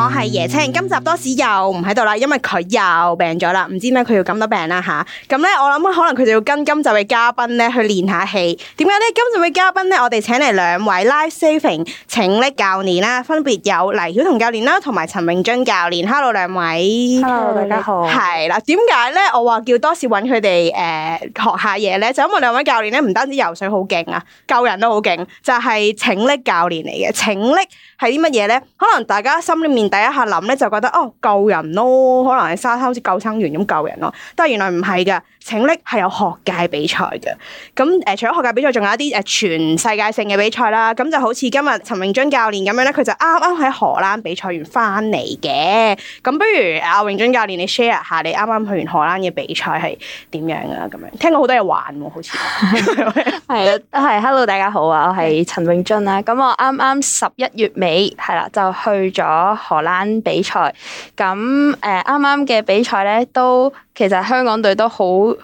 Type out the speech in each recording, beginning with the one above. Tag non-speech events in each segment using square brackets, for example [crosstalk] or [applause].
我係椰青，今集多士又唔喺度啦，因為佢又病咗啦，唔知咩佢要咁多病啦吓。咁、啊、咧我諗可能佢就要跟今集嘅嘉賓咧去練下戲。點解咧？今集嘅嘉賓咧，我哋請嚟兩位 Life Saving 拯溺教練啦、啊，分別有黎曉彤教練啦、啊，同埋陳穎臻教練、啊。Hello 兩位，Hello 大家好。係啦，點解咧？我話叫多士搵佢哋誒學下嘢咧，就是、因為兩位教練咧唔單止游水好勁啊，救人都好勁，就係拯溺教練嚟嘅拯溺。請係啲乜嘢咧？可能大家心裏面第一下諗咧，就覺得哦救人咯，可能喺沙灘好似救生員咁救人咯。但係原來唔係嘅，拯溺係有學界比賽嘅。咁誒，除咗學界比賽，仲有一啲誒全世界性嘅比賽啦。咁就好似今日陳穎臻教練咁樣咧，佢就啱啱喺荷蘭比賽完翻嚟嘅。咁不如阿穎臻教練，你 share 下你啱啱去完荷蘭嘅比賽係點樣啊？咁樣，聽過好多嘢玩喎，好似係啊，都係。 [laughs] [laughs] Hello，大家好啊，我係陳穎臻啊。咁我啱啱十一月尾。係啦，就去咗荷蘭比賽，咁誒啱啱嘅比賽咧，都其實香港隊都好誒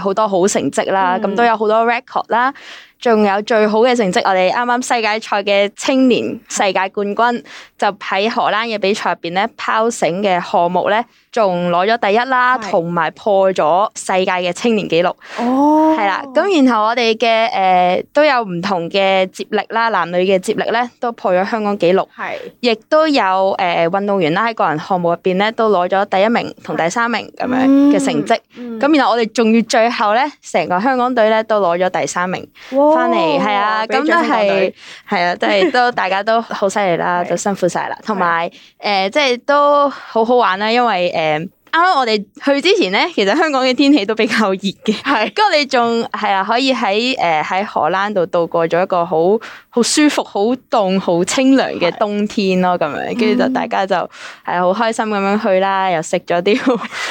好多好成績啦，咁、嗯、都有好多 record 啦。仲有最好嘅成績，我哋啱啱世界賽嘅青年世界冠軍就喺荷蘭嘅比賽入邊咧，拋繩嘅項目咧，仲攞咗第一啦，同埋是破咗世界嘅青年紀錄。哦，係啦，咁然後我哋嘅誒都有唔同嘅接力啦，男女嘅接力咧都破咗香港紀錄。係是，亦都有誒運、呃、動員啦，喺個人項目入邊咧都攞咗第一名同第三名咁樣嘅成績。咁、嗯嗯、然後我哋仲要最後咧，成個香港隊咧都攞咗第三名。翻嚟係啊，咁都係係 [laughs] 啊，都係都大家都好犀利啦， [laughs] 都辛苦晒啦，同埋誒，即係、 [laughs] 呃、都好好玩啦，因為誒啱啱我哋去之前咧，其實香港嘅天氣都比較熱嘅，係、 [laughs] 啊，不過你仲係啊，可以喺誒喺荷蘭度度過咗一個好。好舒服、好凍、好清涼嘅冬天咯，咁樣跟住就大家就係好開心咁樣去啦，又食咗啲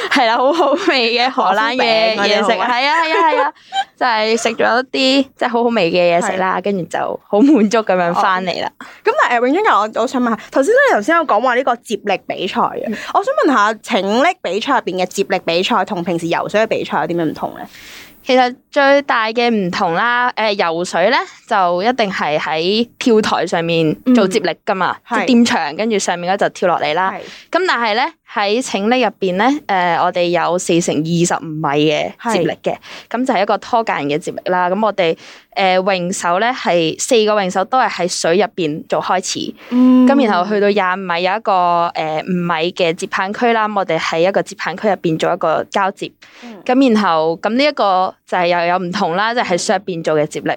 係啦， [laughs] 好好味嘅荷蘭嘢嘢食，係啊係啊係啊， [laughs] 就係、就係、食咗一啲即係好好味嘅嘢食啦，跟住的就好滿足咁樣翻嚟啦。咁、哦、但係，穎臻格，我我想問下，頭先咧，頭先有講話呢個接力比賽嘅，嗯、我想問下，拯溺比賽入邊嘅接力比賽同平時游水嘅比賽有啲咩唔同咧？其實最大嘅唔同啦，誒、呃，游水咧就一定係喺跳台上面做接力噶嘛，嗯、即係掂牆，是的 跟住上面咧就跳落嚟啦。咁是的 但係咧。喺請力入邊咧，誒、呃，我哋有四乘二十五米嘅接力嘅，咁就係一個拖假人嘅接力啦。咁我哋誒泳手咧係四個泳手都係喺水入邊做開始，咁、嗯、然後去到廿五米有一個誒五、呃、米嘅接棒區啦。我哋喺一個接棒區入邊做一個交接，咁、嗯、然後咁呢一個就係又有唔同啦，即係喺水入邊做嘅接力。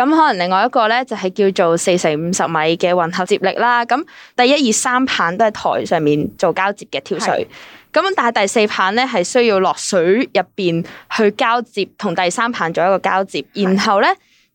咁可能另外一個咧，就係叫做四乘五十米嘅混合接力啦。咁第一、二、三棒都喺台上面做交接嘅跳水。咁是的 但係第四棒咧，係需要落水入邊去交接，同第三棒做一個交接。是的 然後咧，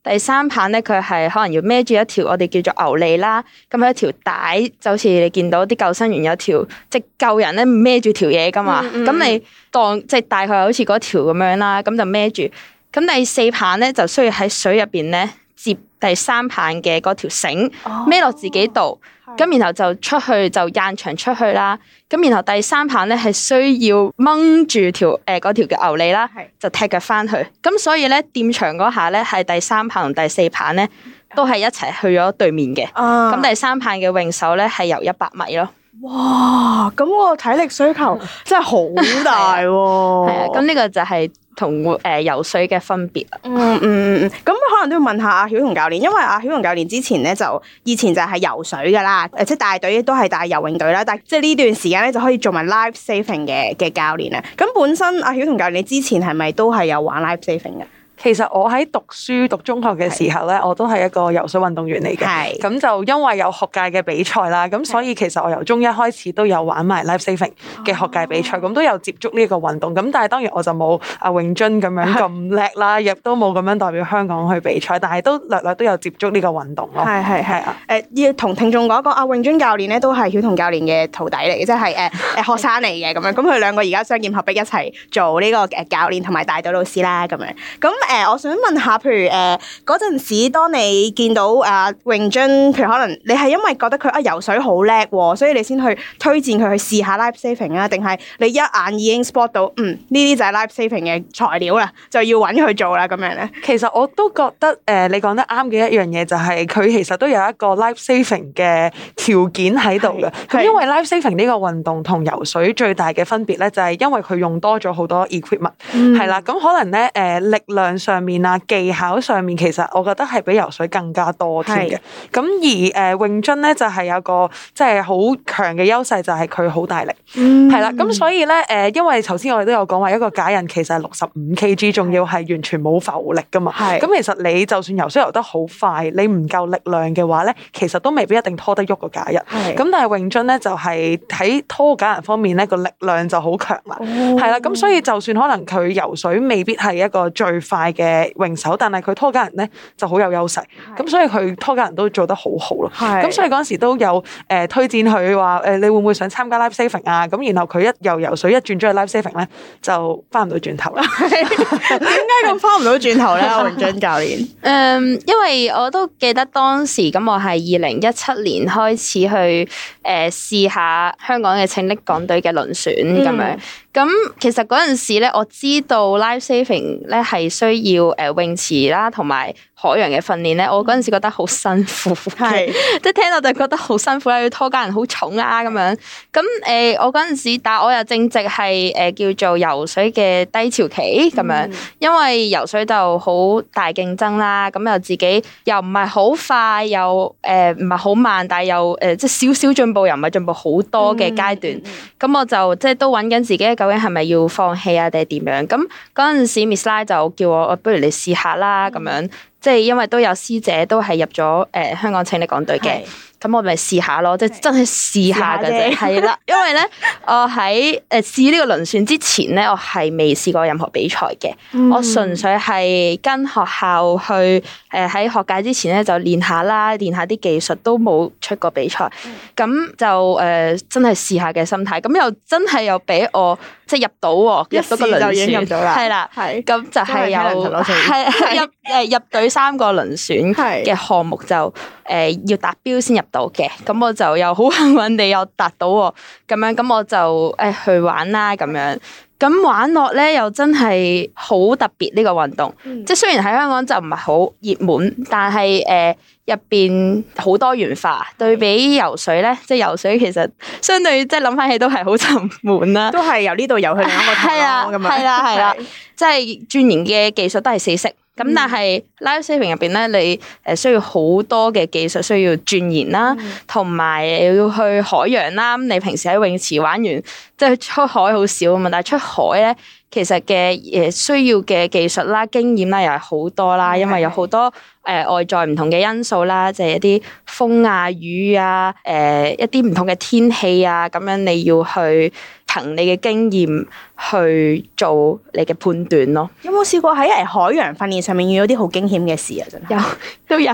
第三棒咧，佢係可能要孭住一條我哋叫做牛脷啦。咁係一條帶，就好似你見到啲救生員有條即救人咧孭住條嘢㗎嘛。咁、嗯嗯、你當即係、就是、大概好似嗰條咁樣啦。咁就孭住。咁第四棒咧，就需要喺水入邊咧，接第三棒嘅嗰條繩，孭落自己度，咁然後就出去就驗長出去啦。咁然後第三棒咧係需要掹住條誒嗰條嘅牛脷啦，就踢腳翻去。咁所以咧，掂長嗰下咧係第三棒同第四棒咧都係一齊去咗對面嘅。咁第三棒嘅泳手咧係游一百米咯。哇！咁個體力需求真係好大喎。係啊，咁呢、啊這個就係、是。同誒、呃、游水嘅分別啦、嗯。嗯嗯嗯，咁可能都要問下阿曉彤教練，因為阿曉彤教練之前咧就以前就係游水噶啦，誒即係大隊都係帶游泳隊啦，但係即係呢段時間咧就可以做埋 life saving 嘅嘅教練啦。咁本身阿曉彤教練你之前係咪都係有玩 life saving 嘅？其實我喺讀書讀中學嘅時候咧，的我都係一個游水運動員嚟嘅。係咁的就因為有學界嘅比賽啦，咁的所以其實我由中一開始都有玩埋 life saving 嘅學界比賽，咁都、哦、有接觸呢一個運動。咁但係當然我就冇阿穎臻咁樣咁叻啦，亦都冇咁樣代表香港去比賽，但係都略略都有接觸呢個運動咯。係係係啊！誒的，要同的、呃、聽眾講一講阿穎臻教練咧，都係曉彤教練嘅徒弟嚟嘅，即係誒誒學生嚟嘅咁樣。咁佢 [laughs] 兩個而家雙劍合璧一齊做呢個誒教練同埋帶隊老師啦，咁樣咁。誒，我想問下，譬如誒嗰陣時，當你見到啊泳樽，譬如可能你係因為覺得佢啊游水好叻喎，所以你先去推薦佢去試下 life saving 啊，定係你一眼已經 spot 到，嗯，呢啲就係 life saving 嘅材料啦，就要揾佢做啦咁樣咧？其實我都覺得誒，你講得啱嘅一樣嘢就係佢其實都有一個 life saving 嘅條件喺度嘅。咁因為 life saving 呢個運動同游水最大嘅分別咧，就係因為佢用多咗好多 equipment，係啦。咁可能咧誒力量，上面啊，技巧上面，其實我覺得係比游水更加多啲嘅。咁的而誒、呃、泳樽咧就係有個即係好強嘅優勢，就係佢好大力，係啦、嗯。咁所以咧誒，因為頭先我哋都有講話，一個假人其實係六十五 Kg，仲要係完全冇浮力噶嘛。咁的，其實你就算游水游得好快，你唔夠力量嘅話咧，其實都未必一定拖得喐個假人。咁的，但係泳樽咧就係、是、喺拖假人方面咧個力量就好強啦。係啦、哦，咁所以就算可能佢游水未必係一個最快。嘅泳手，但係佢拖家人咧就好有優勢，咁是的 所以佢拖家人都做得好好咯。咁是的 所以嗰陣時都有誒、呃、推薦佢話誒，你會唔會想參加 Life Saving 啊？咁然後佢一游游水一轉咗去 Life Saving 咧就返唔到轉頭啦 [laughs] [laughs] 點解咁返唔到轉頭咧？穎臻教練？嗯，因為我都記得當時咁，我係二零一七年開始去誒試下香港嘅拯溺港隊嘅輪選咁樣。嗯 [laughs] 咁其實嗰陣時咧，我知道 life saving 咧係需要泳池啦，同埋海洋嘅訓練咧，我嗰陣時覺得好辛苦，係即係聽到就覺得好辛苦啦，要拖家人好重啊咁樣。咁誒、呃，我嗰陣時打，但係我又正值係誒叫做游水嘅低潮期咁樣，因為游水就好大競爭啦，咁又自己又唔係好快，又誒唔係好慢，但係又誒即係少少進步又唔係進步好多嘅階段，咁、嗯嗯、我就即係都揾緊自己究竟係咪要放棄啊，定係點樣？咁嗰陣時，Miss Lai 就叫我，我不如你試下啦咁樣。即係因為都有師姐都係入咗誒、呃、香港拯溺港隊嘅，咁的我咪試下咯，即係的真係試下嘅啫，係啦。 [laughs] 因為咧，我喺誒、呃、試呢個輪選之前咧，我係未試過任何比賽嘅，嗯、我純粹係跟學校去誒喺、呃、學界之前咧就練下啦，練下啲技術都冇出過比賽，咁、嗯、就誒、呃、真係試下嘅心態，咁又真係又俾我。即係入到嘅、哦、嗰個輪選，係啦，咁是就係有係 [laughs] [laughs] 入誒入隊三個輪選嘅項目就誒、呃、要達標先入到嘅，咁我就又好幸運地又達到咁、哦、樣，咁我就誒去玩啦咁樣。咁玩落咧又真係好特別呢、這個運動，即雖然喺香港就唔係好熱門，但係誒入面好多元化。對比游水呢，即係游水其實相對即係諗翻起都係好沉悶啦、啊，都係由呢度遊去另一個地方咁樣，係啦係啦，即係鑽研嘅技術都係四式。咁但係 life saving 入邊咧，你需要好多嘅技術，需要鑽研啦，同埋、嗯、要去海洋啦。你平時喺泳池玩完，即係出海好少嘛。但係出海呢。其實嘅需要嘅技術啦、經驗啦，又係好多啦，因為有好多誒外在唔同嘅因素啦，就係、是、一啲風啊、雨啊，誒、呃、一啲唔同嘅天氣啊，咁樣你要去憑你嘅經驗去做你嘅判斷咯。有冇試過喺誒海洋訓練上面遇到啲好驚險嘅事啊？真係 [laughs] 有，都有。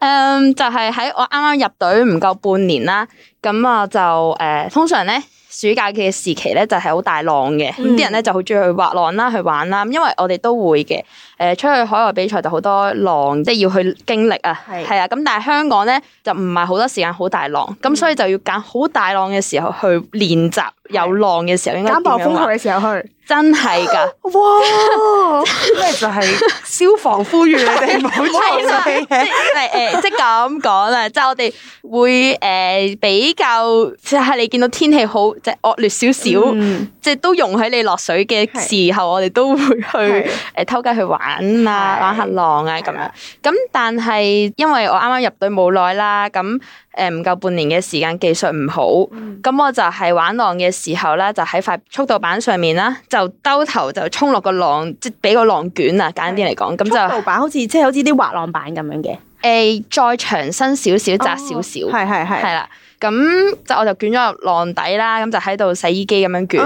嗯、um，就係喺我啱啱入隊唔夠半年啦，咁啊就誒、uh, 通常咧。暑假嘅時期咧，就係好大浪嘅。啲、嗯、人咧就好中意去滑浪啦，去玩啦。因為我哋都會嘅。誒，出去海外比賽就好多浪，即係要去經歷啊。係啊是，咁但係香港咧就唔係好多時間好大浪，咁所以就要揀好大浪嘅時候去練習，有浪嘅時候應該。暴風雨嘅時候去，真係噶。 [laughs] 哇！咩就係消防呼籲你哋唔好吹水嘅，即係誒，即係咁講啦，即係 [laughs] 我哋會誒比較，即、就、係、是、你見到天氣好即係惡劣少少，即係、嗯、都容許你落水嘅時候，是我哋都會去誒是、欸、偷雞去玩。玩啊，玩下浪啊，咁樣的。咁但係因為我啱啱入隊冇耐啦，咁誒唔夠半年嘅時間，技術唔好。咁、嗯、我就係玩浪嘅時候咧，就喺塊速度板上面啦，就兜頭就沖落個浪，即係俾個浪捲啊，簡單啲嚟講。咁的就速度板好似即係好似啲滑浪板咁樣嘅，誒、欸，再長身少少，窄少少，係係係，係啦。咁就我就捲咗入浪底啦，咁就喺度洗衣機咁樣捲，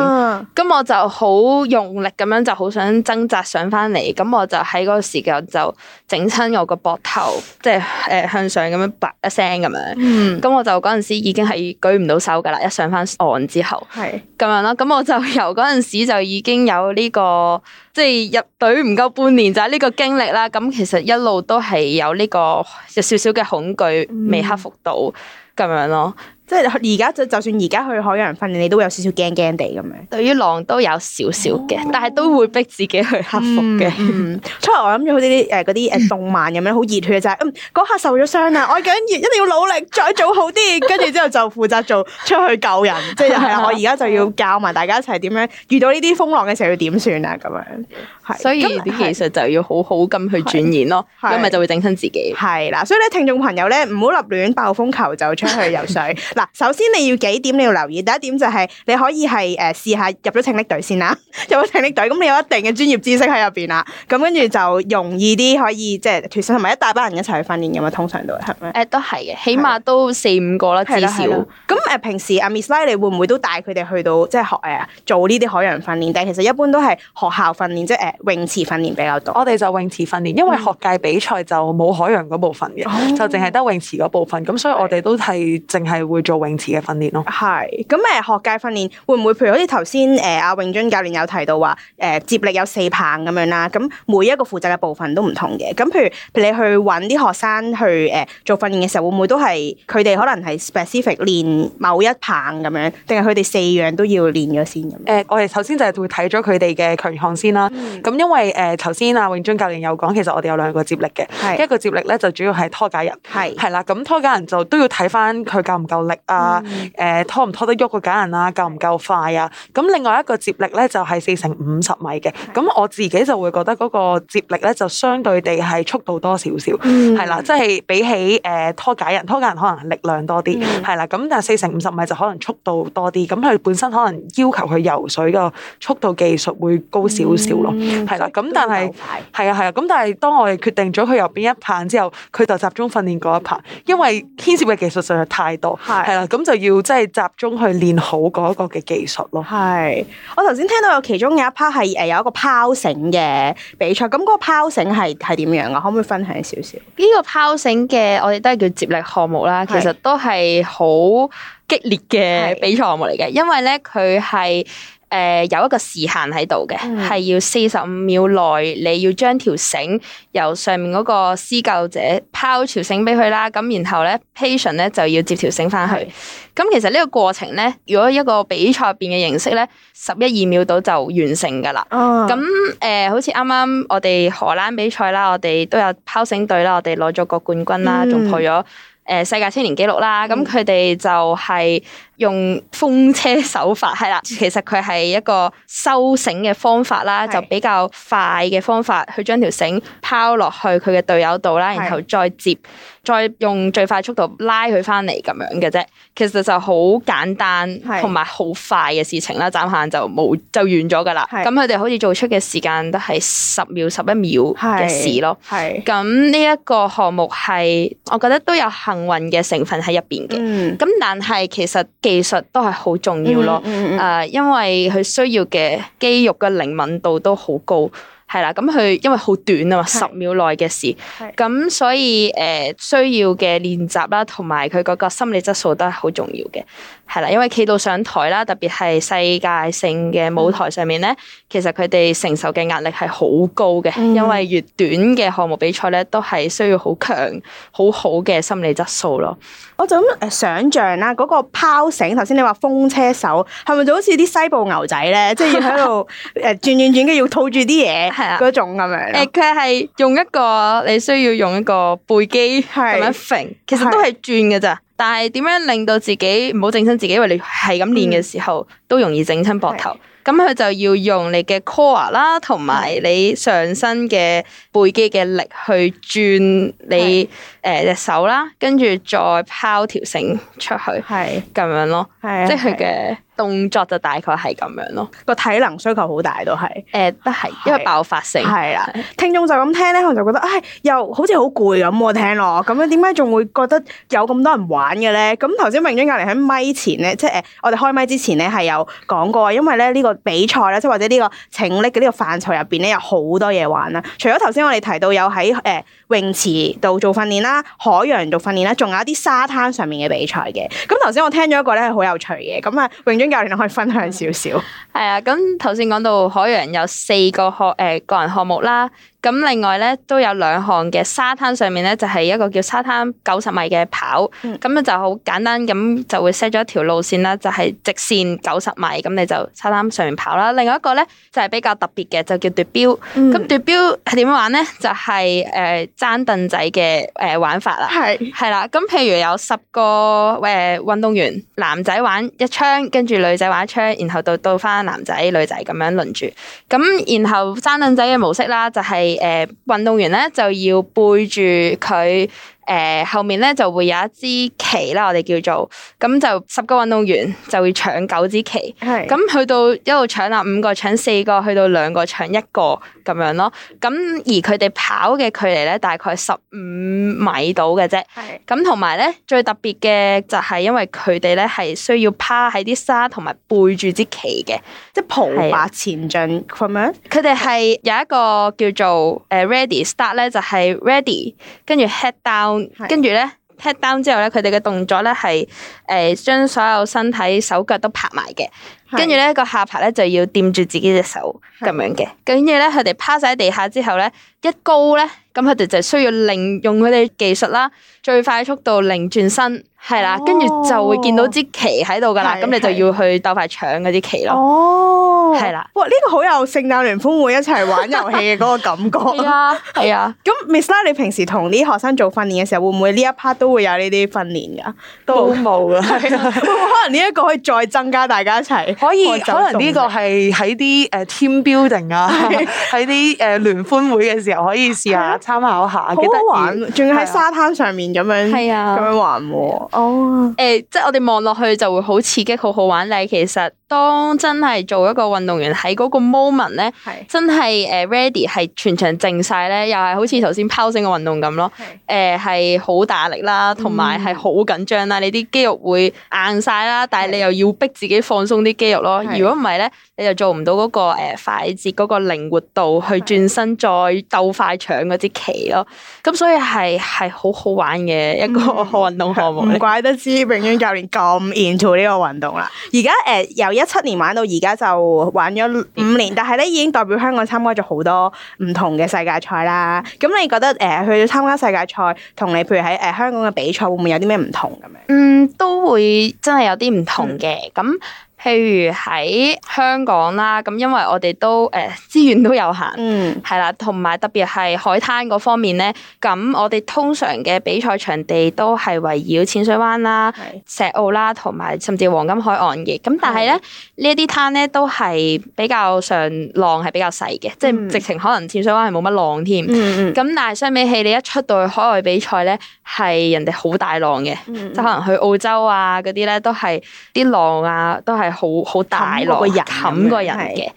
咁、啊、我就好用力咁樣就好想掙扎上翻嚟，咁我就喺嗰個時間就整親我個膊頭，即係誒向上咁樣拔一聲咁樣，咁、嗯、我就嗰陣時已經係舉唔到手噶啦，一上翻岸之後，是、咁樣啦，咁我就由嗰陣時就已經有呢個即係入隊唔夠半年就係呢個經歷啦，咁其實一路都係有呢個有少少嘅恐懼未克服到。嗯嗯咁樣咯。即係而家就就算而家去海洋訓練，你都會有少少驚驚地咁樣。對於浪都有少少嘅，哦、但係都會逼自己去克服嘅。出嚟、嗯、 [laughs] 我諗住嗰啲誒啲誒動漫咁樣好熱血就係、是，嗯嗰下受咗傷啦， [laughs] 我緊要一定要努力再做好啲，跟住 [laughs] 之後就負責做出去救人，即係係啦。我而家就要教埋大家一齊點樣遇到呢啲風浪嘅時候要點算啊咁樣。係， [laughs] 所以啲技術就要好好咁去鑽研咯，咁咪就會整親自己。係啦，所以咧聽眾朋友咧唔好立亂爆風球就出去游水。 [laughs] 嗱，首先你要幾點你要留意？第一點就係你可以係誒、呃、試下入咗拯溺隊先啦， [laughs] 入咗拯溺隊咁你有一定嘅專業知識喺入邊啦，咁跟住就容易啲可以即係脫身，同埋一大班人一齊去訓練咁嘛，通常都係咩、呃？都係嘅，起碼都四五個啦，的至少。咁誒、呃，平時阿 Miss Lily 會唔會都帶佢哋去到即係學誒做呢啲海洋訓練？但係其實一般都係學校訓練，即係誒、呃、泳池訓練比較多。我哋就泳池訓練，因為學界比賽就冇海洋嗰部分嘅，嗯、就淨係得泳池嗰部分。咁 [laughs] 所以我哋都係淨係會。做泳池嘅訓練咯，係咁誒學界訓練會唔會，譬如好似頭先誒阿穎臻教練有提到話誒、呃、接力有四棒咁樣啦，咁每一個負責嘅部分都唔同嘅。咁譬，譬如你去揾啲學生去誒、呃、做訓練嘅時候，會唔會都係佢哋可能係 specific 練某一棒咁樣，定係佢哋四樣都要練咗先咁？誒、呃，我哋首先就係會睇咗佢哋嘅強項先啦。咁、嗯、因為誒頭先阿穎臻教練有講，其實我哋有兩個接力嘅，是一個接力咧就主要係拖假人，係係啦，咁拖假人，人就都要睇返佢夠唔夠力。啊，誒拖唔拖得喐個假人啊？夠唔夠快啊？咁另外一個接力咧就係四乘五十米嘅，咁的我自己就會覺得嗰個接力咧就相對地係速度多少少，係啦的，即係比起誒拖假人，拖假人可能力量多啲，係啦的，咁但係四乘五十米就可能速度多啲，咁佢本身可能要求佢游水個速度技術會高少少咯，係啦，咁但係係啊係啊，咁但係當我哋決定咗佢游邊一棒之後，佢就集中訓練嗰一棒，因為牽涉嘅技術實在太多。係啦，咁就要即係集中去練好嗰一個嘅技術咯。係，我頭先聽到有其中有一 part 係誒有一個拋繩嘅比賽，咁嗰個拋繩係係點樣啊？可唔可以分享少少？呢個拋繩嘅我哋都係叫接力項目啦，其實都係好激烈嘅比賽項目嚟嘅，因為咧佢係。誒、呃，有一個時限喺度嘅，係、嗯、要四十五秒內，你要將條繩由上面嗰個施救者拋條繩俾佢啦。咁然後咧 patient 咧就要接條繩翻去。咁、嗯、其實呢個過程咧，如果一個比賽入邊嘅形式咧，十一二秒到就完成噶啦。咁誒、哦呃，好似啱啱我哋荷蘭比賽啦，我哋都有拋繩隊啦，我哋攞咗個冠軍啦，仲破咗誒世界青年紀錄啦。咁佢哋就係、是。用風車手法係啦，其實佢係一個收繩嘅方法啦，是的 就比較快嘅方法去將條繩拋落去佢嘅隊友度啦，然後再接，是的 再用最快速度拉佢翻嚟咁樣嘅啫。其實就好簡單，同埋好快嘅事情啦。暫時就冇就完咗噶啦。咁佢哋好似做出嘅時間都係十秒，秒、十一秒嘅事咯。咁呢一個項目係，我覺得都有幸運嘅成分喺入邊嘅。咁、嗯、但係其實。技術都係好重要咯，誒， [laughs] uh, 因為佢需要嘅肌肉嘅靈敏度都好高。係啦，咁佢因為好短啊嘛，十秒內嘅事，咁所以誒需要嘅練習啦，同埋佢嗰個心理質素都係好重要嘅。係啦，因為企到的、呃、上台啦，特別係世界性嘅舞台上面咧，嗯、其實佢哋承受嘅壓力係好高嘅，嗯、因為越短嘅項目比賽咧，都係需要強好強、好好嘅心理質素咯。我就咁誒想象啦，嗰、那個拋繩，頭先你話風車手，係咪就好似啲西部牛仔咧，即係 [laughs] 要喺度誒轉轉轉，跟住套住啲嘢。係啊，嗰種咁樣。誒，佢係用一個你需要用一個背肌咁樣揈，是其實都係轉嘅咋。是但係點樣令到自己唔好整親自己？因為你係咁練嘅時候、嗯、都容易整親膊頭。咁佢是、嗯、就要用你嘅 core 啦，同埋你上身嘅背肌嘅力去轉你誒隻是、呃、手啦，跟住再拋條繩出去，係咁是樣咯。係即係佢嘅。動作就大概係咁樣咯，個體能需求好大都係。誒，都係因為爆發性。係啦，聽眾就咁聽咧，可能就覺得誒、哎，又好似好攰咁喎，聽咯。咁樣點解仲會覺得有咁多人玩嘅咧？咁頭先泳姐隔離喺咪前咧，即係誒，我哋開咪之前咧係有講過，因為咧呢、這個比賽咧，即係或者呢個拯溺嘅呢個範疇入邊咧有好多嘢玩啦。除咗頭先我哋提到有喺誒、呃、泳池度做訓練啦，海洋度訓練啦，仲有一啲沙灘上面嘅比賽嘅。咁頭先我聽咗一個咧係好有趣嘅，咁啊泳教練可以分享少少。係啊，咁頭先講到海洋有四個學，誒，個人項目啦。咁另外咧都有兩項嘅沙灘上面咧就係、是、一個叫沙灘九十米嘅跑，咁咧、嗯、就好簡單咁就會 set 咗一條路線啦，就係、是、直線九十米，咁你就沙灘上面跑啦。另外一個咧就係、是、比較特別嘅，就叫奪標。咁奪標係點樣玩咧？就係誒爭凳仔嘅誒、呃、玩法啦。係係是啦，咁譬如有十個誒運、呃、動員，男仔玩一槍，跟住女仔玩一槍，然後到到翻男仔女仔咁樣輪住。咁然後爭凳仔嘅模式啦，就係、是。誒，運動員咧就要背住佢。誒、呃，後面咧就會有一支旗啦，我哋叫做咁，就十個運動員就會搶九支旗，係，咁去到一路搶啦，五個搶四個去到兩個搶一個咁樣咯。咁而佢哋跑嘅距離咧，大概十五米到嘅啫。係是的，咁同埋咧最特別嘅就係因為佢哋咧係需要趴喺啲沙同埋背住支旗嘅，即係匍匐前進，佢哋係有一個叫做誒、呃、ready start 咧，就係 ready 跟住 head down。跟住咧 take down 之後咧，佢哋嘅動作咧係誒將所有身體手腳都拍埋嘅，跟住咧個下巴咧就要掂住自己隻手咁樣嘅，跟住咧佢哋趴晒喺地下之後咧。一高咧，咁佢哋就需要零用佢哋技術啦，最快速度零轉身，係啦，跟住就會見到支旗喺度噶啦，咁你就要去鬥快搶嗰啲旗咯。哦，係啦，哇，呢個好有聖誕聯歡會一齊玩遊戲嘅嗰個感覺。係啊，係啊。咁，Miss l 你平時同啲學生做訓練嘅時候，會唔會呢一 part 都會有呢啲訓練噶？都冇噶，會唔會可能呢一個可以再增加大家一齊？可以，可能呢個係喺啲誒 team building 啊，喺啲誒聯歡會嘅。又可以試下參考下，幾得意，啊！仲要喺沙灘上面咁樣，咁、啊、樣玩喎。哦，誒、呃，即我哋望落去就會好刺激，好好玩但咧。其實～當真係做一個運動員喺嗰個 moment 咧，是 真係誒 ready 係全場靜晒咧，又係好似頭先拋繩嘅運動咁咯。誒係好大力啦，同埋係好緊張啦。嗯、你啲肌肉會硬晒啦，但係你又要逼自己放鬆啲肌肉咯。如果唔係咧，你就做唔到嗰個快捷、嗰、嗰個靈活度去轉身再鬥快搶嗰啲旗咯。咁是的、呃、所以係係好好玩嘅一個運動項目。唔、嗯、怪得知永遠教練咁 into 呢個運動啦。而家誒有一七年玩到而家就玩咗五年，但係咧已經代表香港參加咗好多唔同嘅世界賽啦。咁你覺得誒、呃，去參加世界賽同你譬如喺誒、呃、香港嘅比賽會唔會有啲咩唔同咁樣？嗯，都會真係有啲唔同嘅咁。嗯譬如喺香港啦，咁因為我哋都誒資、呃、源都有限，嗯，係啦，同埋特別係海灘嗰方面咧。咁我哋通常嘅比賽場地都係圍繞淺水灣啦、是石澳啦，同埋甚至黃金海岸嘅。咁但係咧，呢一啲灘咧都係比較上浪係比較細嘅，嗯、即係直情可能淺水灣係冇乜浪添、嗯。嗯嗯，咁但係相比起你一出到去海外比賽咧，係人哋好大浪嘅，即係、嗯嗯、可能去澳洲啊啲咧都係啲浪啊都係。係好好大落個人，冚個人嘅。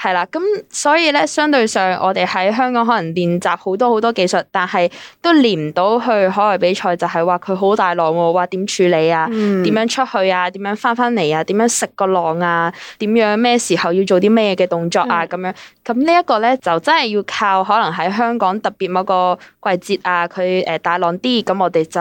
係啦，咁所以咧，相對上我哋喺香港可能練習好多好多技術，但係都練唔到去海外比賽，就係話佢好大浪喎，話點處理啊，點、嗯、樣出去啊，點樣返返嚟啊，點樣食個浪啊，點樣咩時候要做啲咩嘅動作啊咁、嗯、樣。咁呢一個咧就真係要靠可能喺香港特別某個季節啊，佢誒大浪啲，咁我哋就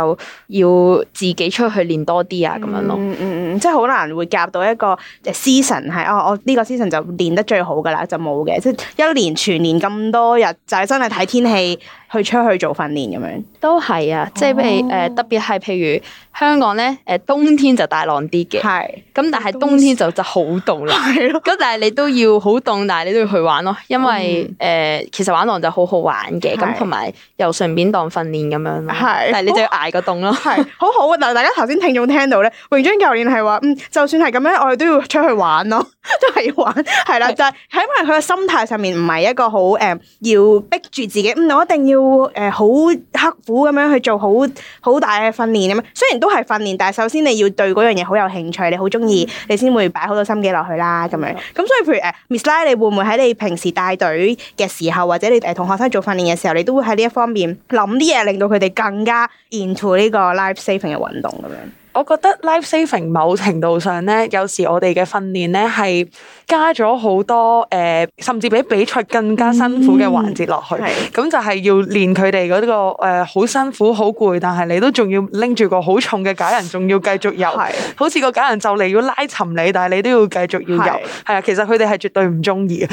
要自己出去練多啲啊咁樣咯。嗯嗯嗯，即係好難會夾到一個 season 係哦，我呢個 season 就練得最好。啦就冇嘅，即係一年全年咁多日就係真係睇天氣去出去做訓練。咁樣都係啊，即係譬如誒、oh. 呃、特別係譬如。香港咧，誒冬天就大浪啲嘅，咁的但係冬天就就好凍啦。咁是的 但係你都要好凍，但係你都要去玩咯，因為誒、嗯呃、其實玩浪就好好玩嘅，咁同埋又順便當訓練咁樣。咯的。但係你就要捱個凍咯好。係， [laughs] 好好啊！但係大家頭先聽眾聽到咧，穎臻教練係話，嗯，就算係咁樣，我哋都要出去玩咯，都係要玩。係 [laughs] 啦，就係喺因為佢嘅心態上面唔係一個好誒、呃、要逼住自己，嗯，我一定要誒好刻苦咁樣去做好好大嘅訓練。咁樣，雖然都係訓練，但係首先你要對嗰樣嘢好有興趣，你好中意，mm hmm. 你先會擺好多心機落去啦，咁、mm hmm. 樣。咁所以，譬如誒、呃、，Miss Lai，你會唔會喺你平時帶隊嘅時候，或者你誒同學生做訓練嘅時候，你都會喺呢一方面諗啲嘢，令到佢哋更加 into 呢個 life saving 嘅運動咁樣？我覺得 life saving 某程度上咧，有時我哋嘅訓練咧係。加咗好多誒，甚至比比賽更加辛苦嘅環節落去，咁就係要練佢哋嗰個好辛苦、好攰，但係你都仲要拎住個好重嘅假人，仲要繼續游，好似個假人就嚟要拉沉你，但係你都要繼續要游。係啊，其實佢哋係絕對唔中意嘅，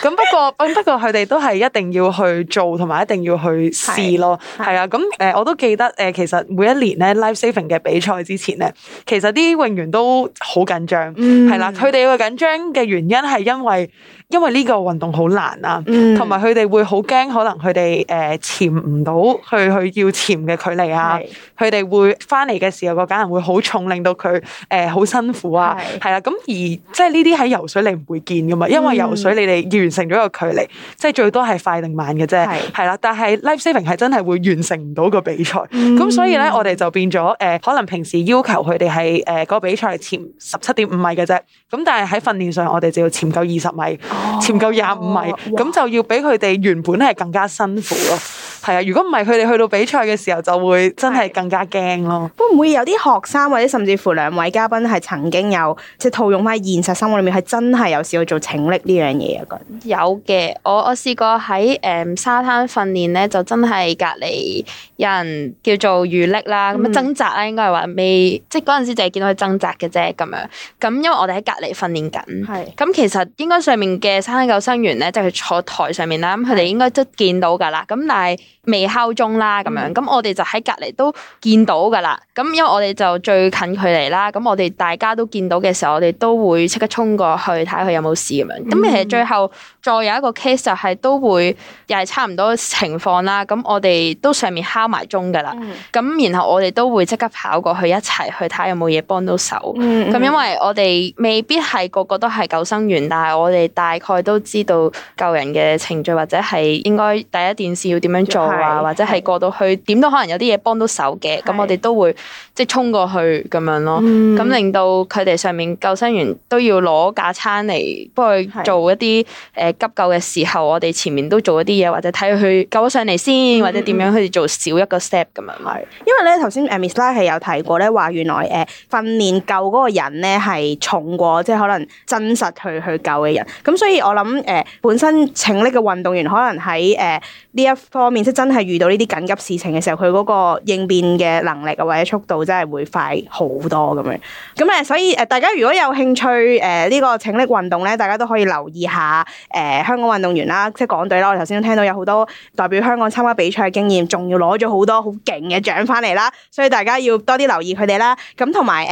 咁不過不過佢哋都係一定要去做，同埋一定要去試咯。係啊，咁誒我都記得誒，其實每一年咧，Life Saving 嘅比賽之前咧，其實啲泳員都好緊張，係啦，佢哋會緊張，嘅原因係因為，因為呢個運動好難啊，同埋佢哋會好驚，可能佢哋誒潛唔到去去要潛嘅距離啊。佢哋是會翻嚟嘅時候個假人會好重，令到佢誒好辛苦啊。係啦是，咁而即係呢啲喺游水你唔會見噶嘛，因為游水你哋完成咗個距離，即係最多係快定慢嘅啫。係啦是，但係 life saving 係真係會完成唔到個比賽，咁、嗯、所以咧我哋就變咗誒、呃，可能平時要求佢哋係誒個比賽係潛十七點五米嘅啫。咁但係喺訓練上我哋就要潛夠二十米。潛夠廿五米，咁、oh, oh, oh. 就要畀佢哋原本係更加辛苦咯。係啊，如果唔係佢哋去到比賽嘅時候，就會真係更加驚咯。會唔會有啲學生或者甚至乎兩位嘉賓係曾經有即係套用喺現實生活裏面係真係有試過做拯溺呢樣嘢？有嘅，我我試過喺誒、嗯、沙灘訓練咧，就真係隔離有人叫做遇溺啦，咁啊、嗯、掙扎啦，應該係話未，即係嗰陣時就係見到佢掙扎嘅啫咁樣。咁因為我哋喺隔離訓練緊，咁是、嗯、其實應該上面嘅沙灘救生員咧，即係坐台上面啦，咁佢哋應該都見到噶啦。咁但係。未敲鐘啦，咁樣、嗯，咁我哋就喺隔籬都見到噶啦。咁因為我哋就最近距離啦，咁我哋大家都見到嘅時候，我哋都會即刻衝過去睇下佢有冇事咁樣。咁其實最後再有一個 case 就係都會又係差唔多情況啦。咁我哋都上面敲埋鐘噶啦，咁、嗯、然後我哋都會即刻跑過去一齊去睇下有冇嘢幫到手。咁、嗯嗯、因為我哋未必係個個都係救生員，但係我哋大概都知道救人嘅程序或者係應該第一件事要點樣做。係啊，是是或者係過到去點都可能有啲嘢幫到手嘅，咁是我哋都會即係衝過去咁、嗯、樣咯。咁令到佢哋上面救生員都要攞架撐嚟幫佢做一啲誒急救嘅時候，是我哋前面都做一啲嘢，或者睇佢救咗上嚟先，嗯嗯嗯或者點樣佢哋做少一個 step 咁樣，係、嗯、是因為咧頭先誒 Miss 黎係有提過咧，話原來誒訓練救個人咧係重過即係可能真實去去救嘅人。咁所以我諗誒本身請呢個運動員可能喺誒呢一方面。真係遇到呢啲緊急事情嘅時候，佢嗰個應變嘅能力或者速度真係會快好多咁樣。咁咧，所以誒、呃，大家如果有興趣誒呢、呃這個拯溺運動咧，大家都可以留意下誒、呃、香港運動員啦，即係港隊啦。我頭先都聽到有好多代表香港參加比賽嘅經驗，仲要攞咗好多好勁嘅獎返嚟啦。所以大家要多啲留意佢哋啦。咁同埋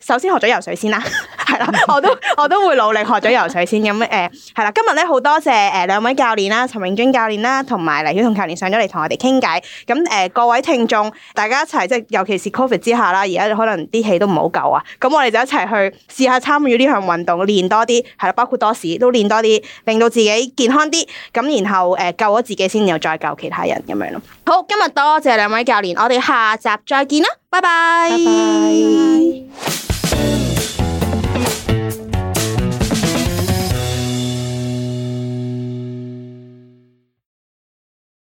誒，首先學咗游水先啦。 [laughs] [laughs] [laughs] 我都我都會努力學咗游水先咁，誒係啦，今日咧好多謝誒兩、嗯、位教練啦，陳穎臻教練啦，同埋黎曉彤教練上咗嚟同我哋傾偈。咁、嗯、誒、嗯、各位聽眾，大家一齊即係，尤其是 Covid 之下啦，而家可能啲氣都唔好夠啊。咁、嗯、我哋就一齊去試下參與呢項運動，練多啲，係啦，包括多士都練多啲，令到自己健康啲。咁然後誒、嗯、救咗自己先，又再救其他人咁樣咯。好，今日多謝兩位教練，我哋下集再見啦，拜拜。拜拜